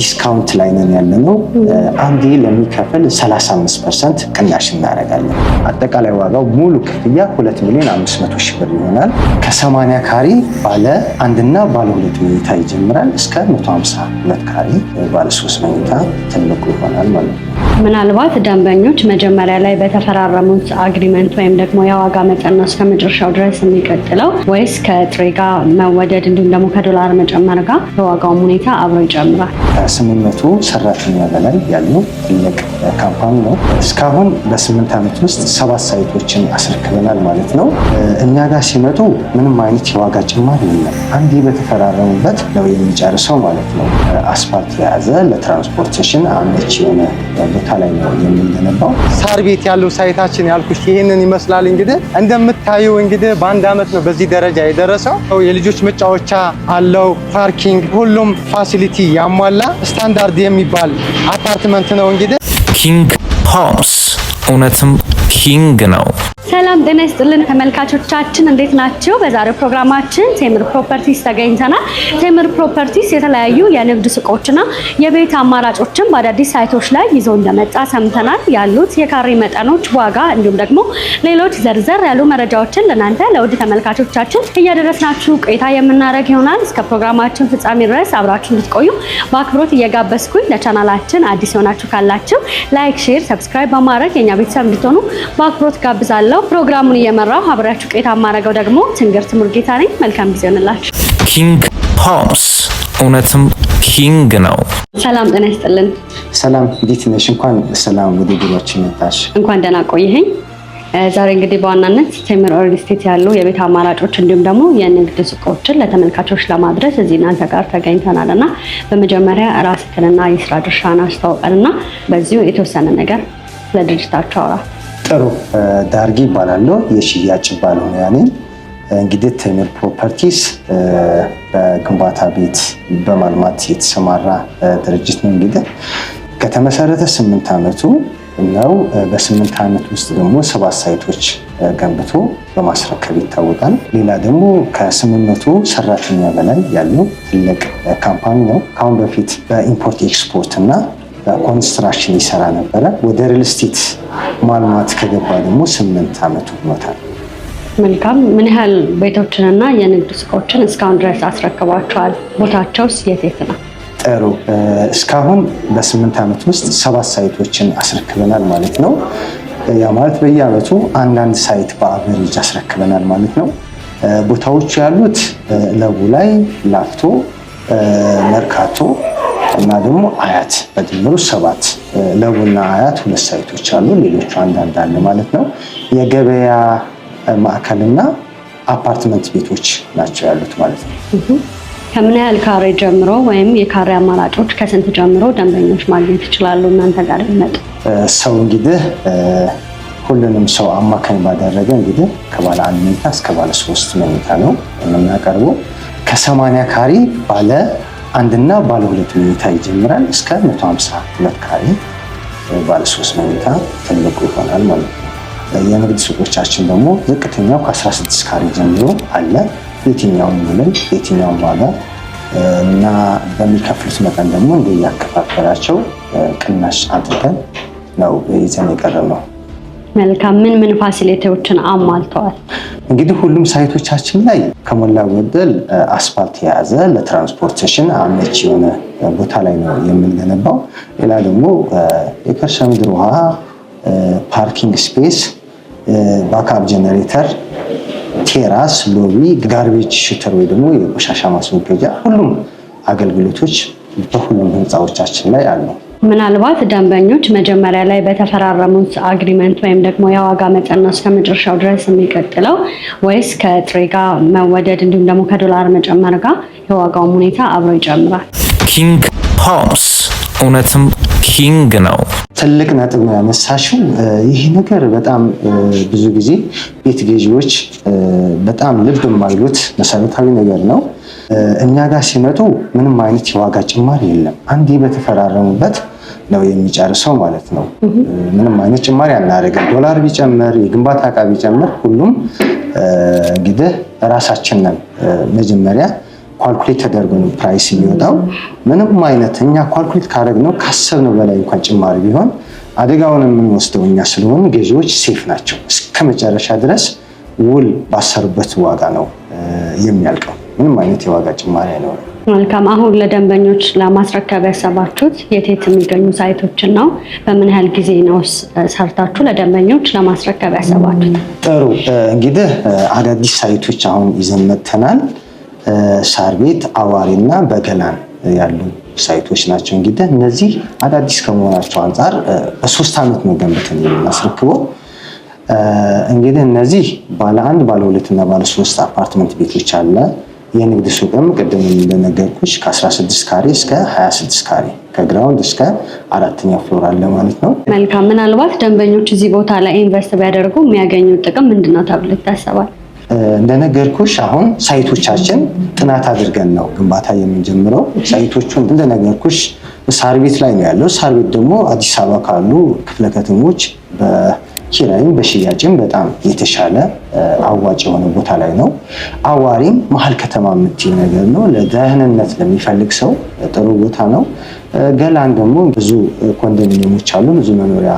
ዲስካውንት ላይ ነን ያለነው። አንዴ ለሚከፍል 35 ፐርሰንት ቅናሽ እናደርጋለን። አጠቃላይ ዋጋው ሙሉ ክፍያ 2 ሚሊዮን 500 ሺህ ብር ይሆናል። ከ80 ካሬ ባለ አንድና ባለ ሁለት መኝታ ይጀምራል እስከ 152 ካሬ ባለ ሶስት መኝታ ትልቁ ይሆናል ማለት ነው። ምናልባት ደንበኞች መጀመሪያ ላይ በተፈራረሙት አግሪመንት ወይም ደግሞ የዋጋ መጠን ነው እስከ መጨረሻው ድረስ የሚቀጥለው ወይስ ከጥሬ ጋር መወደድ እንዲሁም ደግሞ ከዶላር መጨመር ጋር የዋጋውም ሁኔታ አብሮ ይጨምራል? ስምምነቱ ሰራተኛ በላይ ያለው ትልቅ ካምፓኒ ነው። እስካሁን በስምንት ዓመት ውስጥ ሰባት ሳይቶችን አስረክበናል ማለት ነው። እኛ ጋር ሲመጡ ምንም አይነት የዋጋ ጭማሪ የለም። አንዴ በተፈራረሙበት ነው የሚጨርሰው ማለት ነው። አስፓልት የያዘ ለትራንስፖርቴሽን አመች የሆነ ነው የምንገነባው ሳር ቤት ያለው ሳይታችን ያልኩሽ ይህንን ይመስላል። እንግዲህ እንደምታዩ እንግዲህ በአንድ አመት ነው በዚህ ደረጃ የደረሰው። የልጆች መጫወቻ አለው፣ ፓርኪንግ፣ ሁሉም ፋሲሊቲ ያሟላ ስታንዳርድ የሚባል አፓርትመንት ነው። እንግዲህ ኪንግ ሆምስ እውነትም ኪንግ ነው። ሰላም ጤና ይስጥልን ተመልካቾቻችን እንዴት ናቸው? በዛሬው ፕሮግራማችን ቴምር ፕሮፐርቲስ ተገኝተናል። ቴምር ፕሮፐርቲስ የተለያዩ የንግድ ሱቆችና የቤት አማራጮችን በአዳዲስ ሳይቶች ላይ ይዞ እንደመጣ ሰምተናል። ያሉት የካሬ መጠኖች፣ ዋጋ እንዲሁም ደግሞ ሌሎች ዘርዘር ያሉ መረጃዎችን ለእናንተ ለውድ ተመልካቾቻችን እያደረስናችሁ ቆይታ የምናደርግ ይሆናል። እስከ ፕሮግራማችን ፍጻሜ ድረስ አብራችሁ እንድትቆዩ በአክብሮት እየጋበዝኩኝ ለቻናላችን አዲስ የሆናችሁ ካላችሁ ላይክ፣ ሼር፣ ሰብስክራይብ በማድረግ የኛ ቤተሰብ እንድትሆኑ በአክብሮት ጋብዛለሁ። አመሰግናለሁ። ፕሮግራሙን እየመራው አብራችሁ ቆይታ የማደርገው ደግሞ ትንግርት ሙርጌታ ነኝ። መልካም ጊዜ ሆንላችሁ። ኪንግ ፖምስ እውነትም ኪንግ ነው። ሰላም ጤና ይስጥልን። ሰላም እንዴት ነሽ? እንኳን ሰላም ወደ ቢሮችን መጣሽ። እንኳን ደህና ቆይኸኝ። ዛሬ እንግዲህ በዋናነት ቴምር ሪል ስቴት ያሉ የቤት አማራጮች እንዲሁም ደግሞ የንግድ ሱቆችን ለተመልካቾች ለማድረስ እዚህ እናንተ ጋር ተገኝተናል እና በመጀመሪያ ራስህንና የስራ ድርሻን አስተዋውቀንና በዚሁ የተወሰነ ነገር ለድርጅታቸው አውራ ጥሩ ዳርጌ ይባላል። የሽያጭ ባለሙያ ነኝ። እንግዲህ ቴምር ፕሮፐርቲስ በግንባታ ቤት በማልማት የተሰማራ ድርጅት ነው። እንግዲህ ከተመሰረተ ስምንት ዓመቱ ነው። በስምንት ዓመት ውስጥ ደግሞ ሰባት ሳይቶች ገንብቶ በማስረከብ ይታወቃል። ሌላ ደግሞ ከስምንት መቶ ሰራተኛ በላይ ያለው ትልቅ ካምፓኒ ነው። ከአሁን በፊት በኢምፖርት ኤክስፖርት እና ኮንስትራክሽን ይሰራ ነበረ። ወደ ሪል ስቴት ማልማት ከገባ ደግሞ ስምንት ዓመቱ ሆኖታል። መልካም። ምን ያህል ቤቶችንና የንግድ ሱቆችን እስካሁን ድረስ አስረክቧቸዋል? ቦታቸውስ የት የት ነው? ጥሩ። እስካሁን በስምንት ዓመት ውስጥ ሰባት ሳይቶችን አስረክበናል ማለት ነው። ያ ማለት በየዓመቱ አንዳንድ ሳይት በአቨሬጅ አስረክበናል ማለት ነው። ቦታዎች ያሉት ለቡ ላይ ላፍቶ፣ መርካቶ እና ደግሞ አያት በድምሩ ሰባት ለቡና አያት ሁለት ሳይቶች አሉ። ሌሎቹ አንዳንድ አለ ማለት ነው። የገበያ ማዕከልና አፓርትመንት ቤቶች ናቸው ያሉት ማለት ነው። ከምን ያህል ካሬ ጀምሮ ወይም የካሬ አማራጮች ከስንት ጀምሮ ደንበኞች ማግኘት ይችላሉ? እናንተ ጋር ይመጡ ሰው እንግዲህ ሁሉንም ሰው አማካኝ ባደረገ እንግዲህ ከባለ አንድ መኝታ እስከ ባለ ሶስት መኝታ ነው የምናቀርበው ከሰማንያ ካሬ ባለ አንድና ባለ ሁለት መኝታ ይጀምራል እስከ 152 ካሬ ባለ ሶስት መኝታ ትልቁ ይሆናል ማለት ነው። የንግድ ሱቆቻችን ደግሞ ዝቅተኛው ከ16 ካሬ ጀምሮ አለ። የትኛውም ወለል የትኛውም ዋጋ እና በሚከፍሉት መጠን ደግሞ እንደያከፋፈላቸው ቅናሽ አድርገን ነው ይዘን የቀረብ ነው። መልካም ምን ምን ፋሲሊቲዎችን አሟልተዋል? እንግዲህ ሁሉም ሳይቶቻችን ላይ ከሞላ ጎደል አስፋልት የያዘ ለትራንስፖርቴሽን አመች የሆነ ቦታ ላይ ነው የምንገነባው። ሌላ ደግሞ የከርሰ ምድር ውሃ፣ ፓርኪንግ ስፔስ፣ ባክአፕ ጀነሬተር፣ ቴራስ፣ ሎቢ፣ ጋርቤጅ ሽተር ወይ ደግሞ የቆሻሻ ማስወገጃ ሁሉም አገልግሎቶች በሁሉም ህንፃዎቻችን ላይ አሉ። ምናልባት ደንበኞች መጀመሪያ ላይ በተፈራረሙት አግሪመንት ወይም ደግሞ የዋጋ መጠን ነው እስከ መጨረሻው ድረስ የሚቀጥለው ወይስ ከጥሬ ጋር መወደድ እንዲሁም ደግሞ ከዶላር መጨመር ጋር የዋጋውም ሁኔታ አብሮ ይጨምራል? ኪንግ ሆምስ እውነትም ኪንግ ነው። ትልቅ ነጥብ ነው ያነሳሽው። ይህ ነገር በጣም ብዙ ጊዜ ቤት ገዢዎች በጣም ልብ የማይሉት መሰረታዊ ነገር ነው። እኛ ጋር ሲመጡ ምንም አይነት የዋጋ ጭማሪ የለም። አንዴ በተፈራረሙበት ነው የሚጨርሰው ማለት ነው። ምንም አይነት ጭማሪ አናደርግም። ዶላር ቢጨምር፣ የግንባታ እቃ ቢጨምር ሁሉም እንግዲህ ራሳችን ነን መጀመሪያ ኳልኩሌት ተደርጎ ነው ፕራይስ የሚወጣው። ምንም አይነት እኛ ኳልኩሌት ካደረግነው ካሰብነው በላይ እንኳን ጭማሪ ቢሆን አደጋውን የምንወስደው እኛ ስለሆን ገዢዎች ሴፍ ናቸው። እስከ መጨረሻ ድረስ ውል ባሰሩበት ዋጋ ነው የሚያልቀው። ምንም አይነት የዋጋ ጭማሪ አይኖርም። መልካም። አሁን ለደንበኞች ለማስረከብ ያሰባችሁት የት የት የሚገኙ ሳይቶችን ነው? በምን ያህል ጊዜ ነው ሰርታችሁ ለደንበኞች ለማስረከብ ያሰባችሁት? ጥሩ እንግዲህ አዳዲስ ሳይቶች አሁን ይዘን መጥተናል። ሳር ቤት፣ አዋሪ እና በገላን ያሉ ሳይቶች ናቸው። እንግዲህ እነዚህ አዳዲስ ከመሆናቸው አንጻር በሶስት ዓመት ነው ገንብተን የምናስረክበው። እንግዲህ እነዚህ ባለ አንድ ባለ ሁለት እና ባለ ሶስት አፓርትመንት ቤቶች አለ የንግድ ሱቅም ቅድም እንደነገርኩሽ ከ16 ካሬ እስከ 26 ካሬ ከግራውንድ እስከ አራተኛ ፍሎር አለ ማለት ነው። መልካም። ምናልባት ደንበኞች እዚህ ቦታ ላይ ኢንቨስት ቢያደርጉ የሚያገኙት ጥቅም ምንድን ነው ተብሎ ይታሰባል? እንደነገርኩሽ አሁን ሳይቶቻችን ጥናት አድርገን ነው ግንባታ የምንጀምረው። ሳይቶቹ እንደነገርኩሽ ሳር ቤት ላይ ነው ያለው። ሳር ቤት ደግሞ አዲስ አበባ ካሉ ክፍለ ከተሞች ኪራይም በሽያጭም በጣም የተሻለ አዋጭ የሆነ ቦታ ላይ ነው። አዋሪም መሀል ከተማ የምትይ ነገር ነው። ለደህንነት ለሚፈልግ ሰው ጥሩ ቦታ ነው። ገላን ደግሞ ብዙ ኮንዶሚኒየሞች አሉ፣ ብዙ መኖሪያ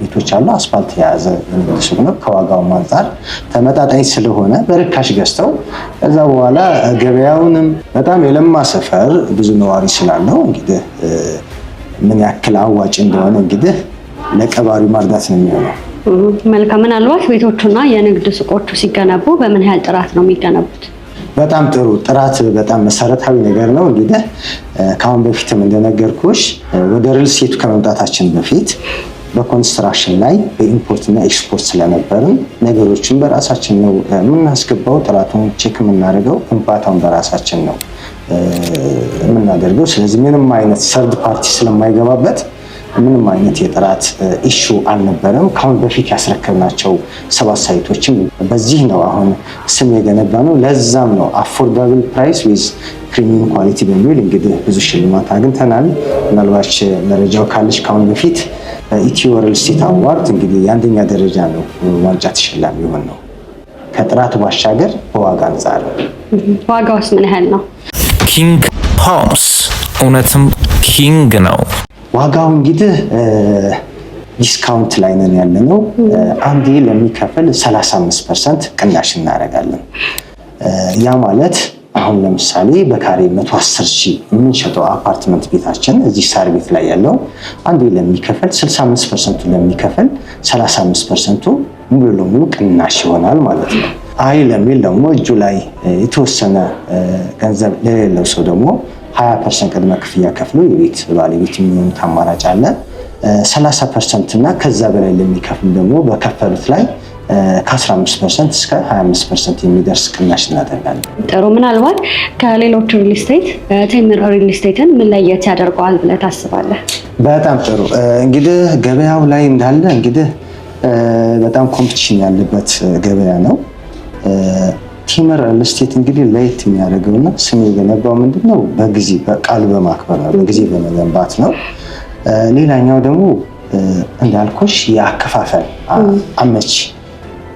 ቤቶች አሉ። አስፋልት የያዘ ዩኒቨርሲቲ ነው። ከዋጋውም አንጻር ተመጣጣኝ ስለሆነ በርካሽ ገዝተው ከዛ በኋላ ገበያውንም በጣም የለማ ሰፈር ብዙ ነዋሪ ስላለው እንግዲህ ምን ያክል አዋጭ እንደሆነ እንግዲህ ለቀባሪ ማርዳት ነው የሚሆነው። መልካም። ምናልባት ቤቶቹና የንግድ ሱቆቹ ሲገነቡ በምን ያህል ጥራት ነው የሚገነቡት? በጣም ጥሩ ጥራት በጣም መሰረታዊ ነገር ነው። እንግዲህ ከአሁን በፊትም እንደነገርኩሽ ወደ ሪል ስቴቱ ከመምጣታችን በፊት በኮንስትራክሽን ላይ በኢምፖርትና ኤክስፖርት ስለነበርን ነገሮችን በራሳችን ነው የምናስገባው፣ ጥራቱን ቼክ የምናደርገው፣ ግንባታውን በራሳችን ነው የምናደርገው። ስለዚህ ምንም አይነት ሰርድ ፓርቲ ስለማይገባበት ምንም አይነት የጥራት ኢሹ አልነበረም። ከአሁን በፊት ያስረከብናቸው ሰባት ሳይቶችም በዚህ ነው አሁን ስም የገነባ ነው። ለዛም ነው አፎርዳብል ፕራይስ ዊዝ ፕሪሚየም ኳሊቲ በሚል እንግዲህ ብዙ ሽልማት አግኝተናል። ምናልባች መረጃው ካለች ከአሁን በፊት ኢትዮ ሪል ስቴት አዋርድ እንግዲህ የአንደኛ ደረጃ ነው ዋንጫ ተሸላሚ የሆን ነው። ከጥራት ባሻገር በዋጋ አንጻር ዋጋውስ ምን ያህል ነው? ኪንግ ሆምስ እውነትም ኪንግ ነው። ዋጋው እንግዲህ ዲስካውንት ላይ ነን ያለነው። አንዴ ለሚከፍል 35 ፐርሰንት ቅናሽ እናደርጋለን። ያ ማለት አሁን ለምሳሌ በካሬ 110 ሺህ የምንሸጠው አፓርትመንት ቤታችን እዚህ ሳር ቤት ላይ ያለው አንዴ ለሚከፍል 65 ፐርሰንቱ ለሚከፍል 35 ፐርሰንቱ ሙሉ ለሙሉ ቅናሽ ይሆናል ማለት ነው። አይ ለሚል ደግሞ እጁ ላይ የተወሰነ ገንዘብ ለሌለው ሰው ደግሞ ሀያ ፐርሰንት ቅድመ ክፍያ ከፍሎ የቤት ባለቤት የሚሆኑት አማራጭ አለ። ሰላሳ ፐርሰንት እና ከዛ በላይ ለሚከፍል ደግሞ በከፈሉት ላይ ከ15 ፐርሰንት እስከ 25 ፐርሰንት የሚደርስ ቅናሽ እናደርጋለን። ጥሩ። ምናልባት ከሌሎቹ ሪልስቴት ቴምር ሪል ምን ለየት ያደርገዋል ብለህ ታስባለህ? በጣም ጥሩ። እንግዲህ ገበያው ላይ እንዳለ እንግዲህ በጣም ኮምፒቲሽን ያለበት ገበያ ነው። ቲመር ስቴት እንግዲህ ለየት የሚያደርገውና ስም የገነባው ምንድን ነው? በጊዜ በቃል በማክበር ነው፣ በጊዜ በመገንባት ነው። ሌላኛው ደግሞ እንዳልኩሽ የአከፋፈል አመቺ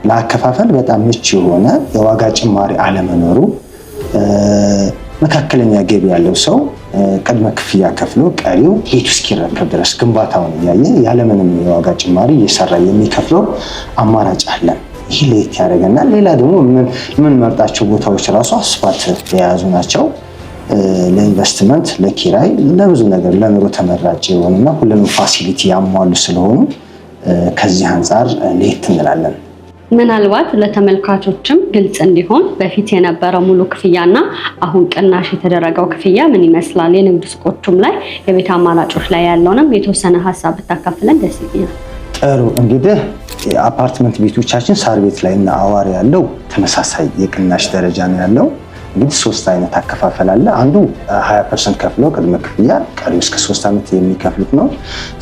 ለአከፋፈል በጣም ምቹ የሆነ የዋጋ ጭማሪ አለመኖሩ፣ መካከለኛ ገቢ ያለው ሰው ቅድመ ክፍያ ከፍሎ ቀሪው ቤቱ እስኪረከብ ድረስ ግንባታውን እያየ ያለምንም የዋጋ ጭማሪ እየሰራ የሚከፍለው አማራጭ አለን። ለየት ያደርገናል። ሌላ ደግሞ መርጣቸው ቦታዎች ራሱ አስፋልት የያዙ ናቸው። ለኢንቨስትመንት፣ ለኪራይ፣ ለብዙ ነገር ለኑሮ ተመራጭ የሆኑና ሁሉንም ፋሲሊቲ ያሟሉ ስለሆኑ ከዚህ አንጻር ለየት እንላለን። ምናልባት ለተመልካቾችም ግልጽ እንዲሆን በፊት የነበረው ሙሉ ክፍያና አሁን ቅናሽ የተደረገው ክፍያ ምን ይመስላል፣ የንግድ ሱቆቹም ላይ የቤት አማራጮች ላይ ያለውንም የተወሰነ ሀሳብ ብታካፍለን ደስ ይለኛል። ጥሩ እንግዲህ የአፓርትመንት ቤቶቻችን ሳር ቤት ላይ እና አዋር ያለው ተመሳሳይ የቅናሽ ደረጃ ነው ያለው። እንግዲህ ሶስት አይነት አከፋፈል አለ። አንዱ 20 ፐርሰንት ከፍለው ቅድመ ክፍያ ቀሪ እስከ ሶስት ዓመት የሚከፍሉት ነው።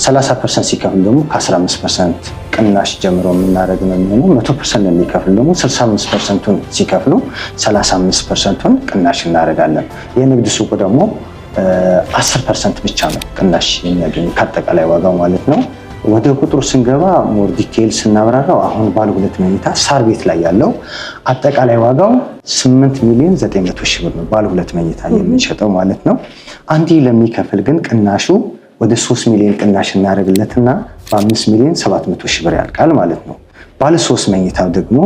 30 ፐርሰንት ሲከፍሉ ደግሞ ከ15 ፐርሰንት ቅናሽ ጀምሮ የምናደርግ ነው የሚሆነው። መቶ ፐርሰንት የሚከፍሉ ደግሞ 65 ፐርሰንቱን ሲከፍሉ 35 ፐርሰንቱን ቅናሽ እናደርጋለን። የንግድ ሱቁ ደግሞ 10 ፐርሰንት ብቻ ነው ቅናሽ የሚያገኙ ከአጠቃላይ ዋጋው ማለት ነው። ወደ ቁጥሩ ስንገባ ሞር ዲቴል ስናብራራው አሁን ባለ ሁለት መኝታ ሳር ቤት ላይ ያለው አጠቃላይ ዋጋው 8 ሚሊዮን 900 ሺህ ብር ነው። ባለ ሁለት መኝታ የምንሸጠው ማለት ነው። አንዴ ለሚከፍል ግን ቅናሹ ወደ 3 ሚሊዮን ቅናሽ እናደርግለትና በ5 ሚሊዮን 700 ሺህ ብር ያልቃል ማለት ነው። ባለ 3 መኝታው ደግሞ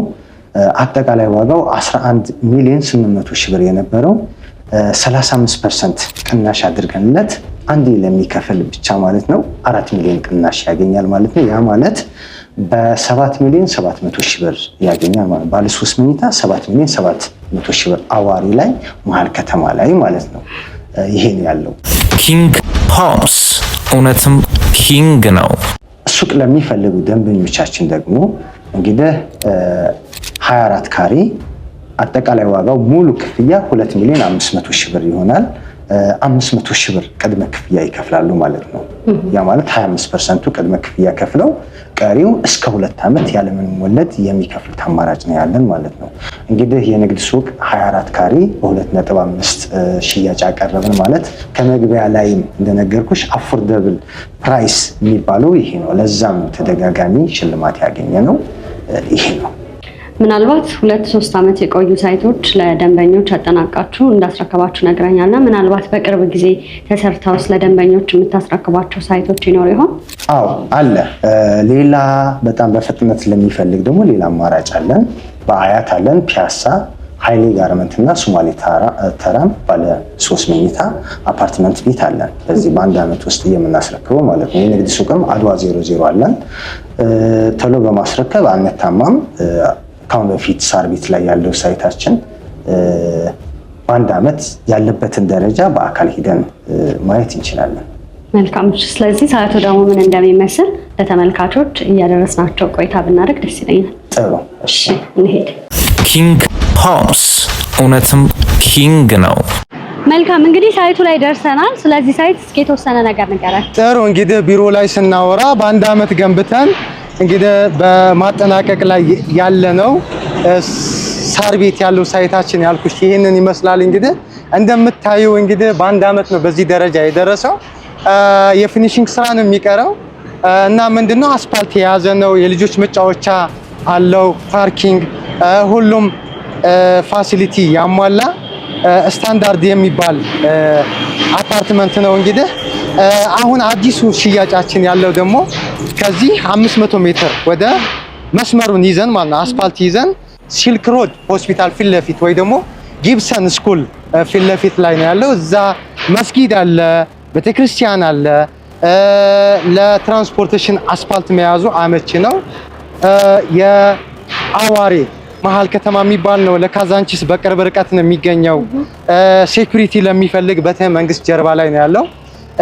አጠቃላይ ዋጋው 11 ሚሊዮን 800 ሺህ ብር የነበረው 35 ፐርሰንት ቅናሽ አድርገንለት አንዴ ለሚከፍል ብቻ ማለት ነው አራት ሚሊዮን ቅናሽ ያገኛል ማለት ነው። ያ ማለት በሰባት ሚሊዮን 700 መቶ ሺህ ብር ያገኛል ማለት ባለ ሶስት መኝታ 7 ሚሊዮን 700 ሺህ ብር አዋሪ ላይ መሀል ከተማ ላይ ማለት ነው። ይሄ ያለው ኪንግ ሆምስ እውነትም ኪንግ ነው። ሱቅ ለሚፈልጉ ደንበኞቻችን ደግሞ እንግዲህ 24 ካሬ አጠቃላይ ዋጋው ሙሉ ክፍያ 2 ሚሊዮን 500 ሺህ ብር ይሆናል። 500 ሺህ ብር ቅድመ ክፍያ ይከፍላሉ ማለት ነው። ያ ማለት 25 ፐርሰንቱ ቅድመ ክፍያ ከፍለው ቀሪው እስከ ሁለት ዓመት ያለምንም ወለድ የሚከፍሉት አማራጭ ነው ያለን ማለት ነው። እንግዲህ የንግድ ሱቅ 24 ካሬ በ2.5 ሽያጭ አቀረብን ማለት ከመግቢያ ላይም እንደነገርኩሽ አፎርደብል ፕራይስ የሚባለው ይሄ ነው። ለዛም ተደጋጋሚ ሽልማት ያገኘ ነው ይሄ ነው። ምናልባት ሁለት ሶስት ዓመት የቆዩ ሳይቶች ለደንበኞች አጠናቃችሁ እንዳስረከባችሁ ነግረኛል ምናልባት በቅርብ ጊዜ ተሰርተው ለደንበኞች የምታስረክቧቸው ሳይቶች ይኖር ይሆን? አዎ አለ። ሌላ በጣም በፍጥነት ስለሚፈልግ ደግሞ ሌላ አማራጭ አለን። በአያት አለን ፒያሳ ሀይሌ ጋርመንት እና ሶማሌ ተራም ባለ ሶስት መኝታ አፓርትመንት ቤት አለን። በዚህ በአንድ ዓመት ውስጥ የምናስረክበው ማለት ነው። የንግድ ሱቅም አድዋ ዜሮ ዜሮ አለን። ተሎ በማስረከብ አነታማም ካሁን በፊት ሳር ቤት ላይ ያለው ሳይታችን በአንድ ዓመት ያለበትን ደረጃ በአካል ሂደን ማየት እንችላለን። መልካም። ስለዚህ ሰዓቱ ደግሞ ምን እንደሚመስል ለተመልካቾች እያደረስናቸው ቆይታ ብናደርግ ደስ ይለኛል። ጥሩ እሺ፣ እንሄድ። ኪንግ ሆምስ እውነትም ኪንግ ነው። መልካም እንግዲህ ሳይቱ ላይ ደርሰናል። ስለዚህ ሳይት እስኪ የተወሰነ ነገር ንገረን። ጥሩ እንግዲህ ቢሮ ላይ ስናወራ በአንድ አመት ገንብተን እንግዲህ በማጠናቀቅ ላይ ያለ ነው። ሳር ቤት ያለው ሳይታችን ያልኩሽ ይህንን ይመስላል። እንግዲህ እንደምታዩ እንግዲህ በአንድ አመት ነው በዚህ ደረጃ የደረሰው። የፊኒሽንግ ስራ ነው የሚቀረው እና ምንድነው አስፓልት የያዘ ነው። የልጆች መጫወቻ አለው፣ ፓርኪንግ፣ ሁሉም ፋሲሊቲ ያሟላ ስታንዳርድ የሚባል አፓርትመንት ነው እንግዲህ አሁን አዲሱ ሽያጫችን ያለው ደግሞ ከዚህ 500 ሜትር ወደ መስመሩን ይዘን ማለት ነው አስፋልት ይዘን ሲልክ ሮድ ሆስፒታል ፊት ለፊት ወይ ደግሞ ጊብሰን ስኩል ፊት ለፊት ላይ ነው ያለው። እዛ መስጊድ አለ፣ ቤተክርስቲያን አለ። ለትራንስፖርቴሽን አስፋልት መያዙ አመች ነው። የአዋሬ መሀል ከተማ የሚባል ነው። ለካዛንቺስ በቅርብ ርቀት ነው የሚገኘው። ሴኩሪቲ ለሚፈልግ በተ መንግስት ጀርባ ላይ ነው ያለው።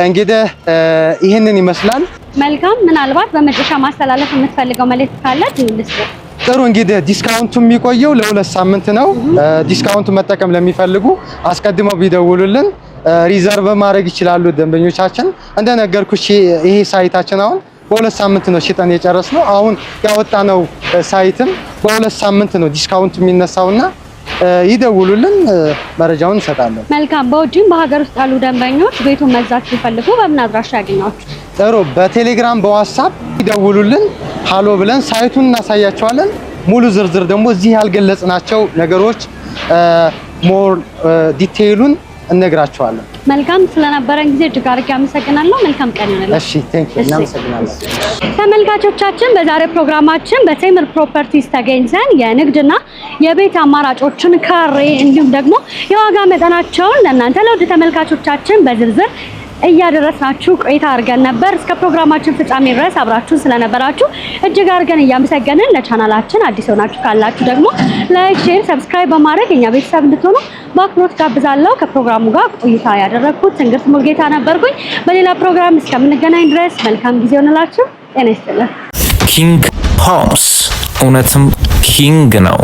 እንግዲህ ይህንን ይመስላል። መልካም። ምናልባት በመጨረሻ ማስተላለፍ የምትፈልገው መልእክት ካለ ጥሩ እንግዲህ ዲስካውንቱ የሚቆየው ለሁለት ሳምንት ነው። ዲስካውንቱ መጠቀም ለሚፈልጉ አስቀድመው ቢደውሉልን ሪዘርቭ ማድረግ ይችላሉ ደንበኞቻችን። እንደነገርኩሽ ይሄ ሳይታችን አሁን በሁለት ሳምንት ነው ሽጠን የጨረስ ነው። አሁን ያወጣነው ሳይትም በሁለት ሳምንት ነው ዲስካውንቱ የሚነሳውና ይደውሉልን፣ መረጃውን እንሰጣለን። መልካም። በውጭም በሀገር ውስጥ ያሉ ደንበኞች ቤቱን መግዛት ሲፈልጉ በምን አድራሻ ያገኛችሁ? ጥሩ። በቴሌግራም በዋትሳፕ ይደውሉልን፣ ሀሎ ብለን ሳይቱን እናሳያቸዋለን። ሙሉ ዝርዝር ደግሞ እዚህ ያልገለጽናቸው ነገሮች ሞር ዲቴይሉን እነግራቸዋለን። መልካም ስለነበረን ጊዜ እጅግ አድርጌ አመሰግናለሁ። መልካም ቀን ይሁንልህ። እሺ ቴንክ ዩ እናመሰግናለን። ተመልካቾቻችን በዛሬ ፕሮግራማችን በቴምር ፕሮፐርቲስ ተገኝተን የንግድና የቤት አማራጮችን ካሬ እንዲሁም ደግሞ የዋጋ መጠናቸውን ለእናንተ ለውድ ተመልካቾቻችን በዝርዝር እያደረስናችሁ ቆይታ አድርገን ነበር። እስከ ፕሮግራማችን ፍጻሜ ድረስ አብራችሁን ስለነበራችሁ እጅግ አድርገን እያመሰገንን ለቻናላችን አዲስ ሆናችሁ ካላችሁ ደግሞ ላይክ፣ ሼር፣ ሰብስክራይብ በማድረግ የኛ ቤተሰብ እንድትሆኑ በአክብሮት ጋብዛለሁ። ከፕሮግራሙ ጋር ቆይታ ያደረግኩት ትንግርት ሙልጌታ ነበርኩኝ። በሌላ ፕሮግራም እስከምንገናኝ ድረስ መልካም ጊዜ ሆንላችሁ። ጤና ይስጥልን። ኪንግ ፖምስ እውነትም ኪንግ ነው።